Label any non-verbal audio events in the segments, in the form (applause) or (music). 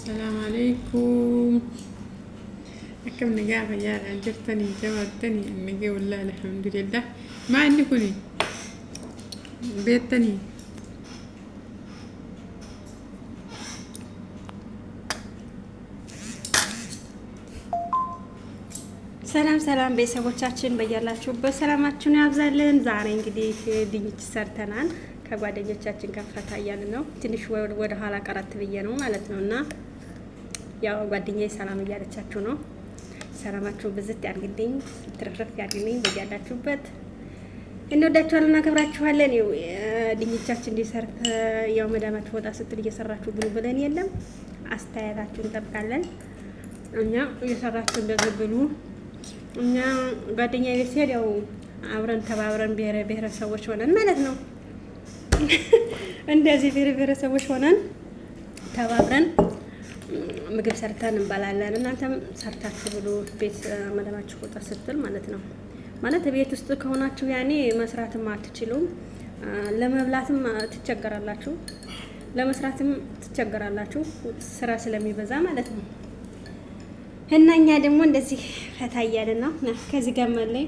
السلام عليكم كم نقع رجال عجبتني جوابتني النقي ولا الحمد لله ما عندي كلي بيتني ሰላም ሰላም ቤተሰቦቻችን በያላችሁበት ሰላማችሁን ያብዛልን። ዛሬ እንግዲህ ድንች ሰርተናል ከጓደኞቻችን ጋር ፈታ ነው። ትንሽ ወደ ኋላ ቀረት ብዬ ነው ማለት ነው እና ያው ጓደኛዬ ሰላም እያለቻችሁ ነው። ሰላማችሁ ብዝት ያድርግልኝ፣ ትርፍርፍ ያድርግልኝ በያላችሁበት። እንወዳችኋለን፣ እናከብራችኋለን። ይኸው ድኝቻችን እንዲሰርፍ ያው መዳማችሁ ወጣ ስትል እየሰራችሁ ብሉ ብለን የለም አስተያየታችሁ እንጠብቃለን። እኛ እየሰራችሁ እንደዚህ ብሉ። እኛ ጓደኛ ቤት ሲሄድ ያው አብረን ተባብረን ብሔረ ብሔረሰቦች ሆነን ማለት ነው (laughs) እንደዚህ ብሔረ ብሔረሰቦች ሆነን ተባብረን ምግብ ሰርተን እንበላለን። እናንተም ሰርታችሁ ብሎ ቤት መደባችሁ ቁጥር ስትል ማለት ነው ማለት ቤት ውስጥ ከሆናችሁ ያኔ መስራትም አትችሉም፣ ለመብላትም ትቸገራላችሁ፣ ለመስራትም ትቸገራላችሁ፣ ስራ ስለሚበዛ ማለት ነው። እና እኛ ደግሞ እንደዚህ ፈታ እያልን ነው። ከዚህ ጋር መለይ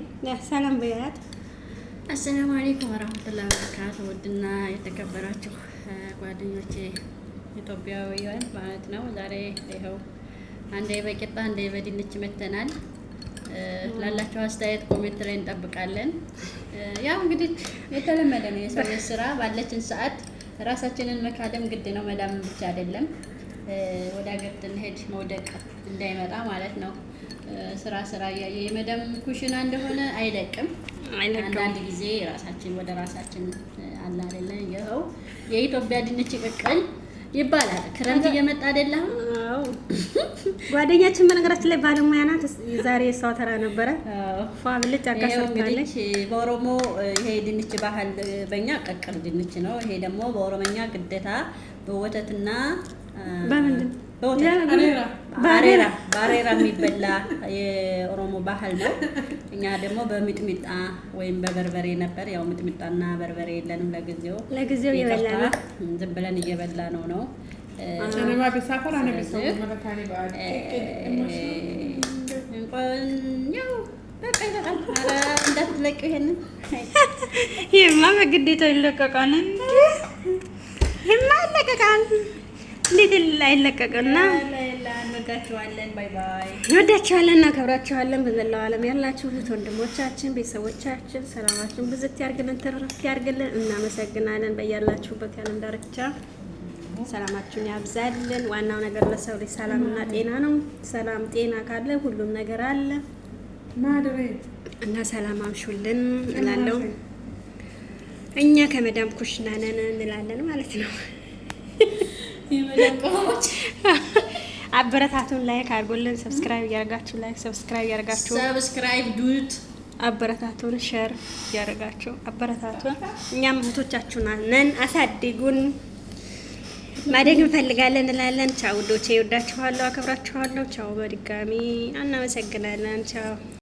ሰላም በያት። አሰላሙ አለይኩም ወራህመቱላሂ ወበረካቱ። ውድና የተከበራችሁ ጓደኞቼ ኢትዮጵያውያን ማለት ነው። ዛሬ ይኸው አንዴ በቂጣ አንዴ በድንች መተናል። ላላቸው አስተያየት ኮሜንት ላይ እንጠብቃለን። ያው እንግዲህ የተለመደ ነው የሰው ስራ ባለችን ሰዓት ራሳችንን መካደም ግድ ነው። መዳም ብቻ አይደለም ወደ ሀገር እንሄድ መውደቅ እንዳይመጣ ማለት ነው። ስራ ስራ እያየ የመዳም ኩሽና እንደሆነ አይለቅም። አንዳንድ ጊዜ ራሳችን ወደ ራሳችን አለ አይደለ? ይኸው የኢትዮጵያ ድንች ቅቅል ይባላል። ክረምት እየመጣ አይደለ? (laughs) ጓደኛችን በነገራችን ላይ ባለሙያ ናት። ዛሬ እሷ ተራ ነበረ። ፋብልጭ አጋሰርታለች። በኦሮሞ ይሄ ድንች ባህል በእኛ ቀቅር ድንች ነው። ይሄ ደግሞ በኦሮሞኛ ግዴታ በወተትና በምንድን በወተት አሬራ አሬራ የሚበላ የኦሮሞ ባህል ነው። እኛ ደግሞ በሚጥሚጣ ወይም በበርበሬ ነበር። ያው ሚጥሚጣና በርበሬ የለንም ለጊዜው ለጊዜው የበላ ነው። ዝም ብለን እየበላ ነው ነው እንዳትለቅ ይሄንን ይህማ በግዴታ ይለቀቃል። ይህማ ይለቀቃል። እንዴት አይለቀቅና እንወዳችኋለን። ባይ ባይ። እንወዳችኋለን፣ እናከብራችኋለን። በመላው ዓለም ያላችሁት ወንድሞቻችን፣ ቤተሰቦቻችን ሰላማችሁን ብዝት ያርግልን፣ ትርፍ ያርግልን። እናመሰግናለን። በያላችሁበት ያለም ዳርቻ ሰላማችሁን ያብዛልን። ዋናው ነገር ለሰው ልጅ ሰላምና ጤና ነው። ሰላም ጤና ካለ ሁሉም ነገር አለ እና ሰላም አምሹልን እላለሁ። እኛ ከመዳም ኩሽና ነን እንላለን ማለት ነው። (laughs) አበረታቱን። ላይክ አድርጎልን ሰብስክራይብ እያደረጋችሁ ላይክ ሰብስክራይብ እያደረጋችሁ ሰብስክራይብ ዱት አበረታቱን። ሸር እያደረጋችሁ አበረታቱን። እኛም እህቶቻችሁ ነን፣ አሳድጉን። ማደግ እንፈልጋለን እንላለን። ቻው ውዶቼ፣ እወዳችኋለሁ፣ ይወዳችኋለሁ፣ በድጋሚ እናመሰግናለን። ቻው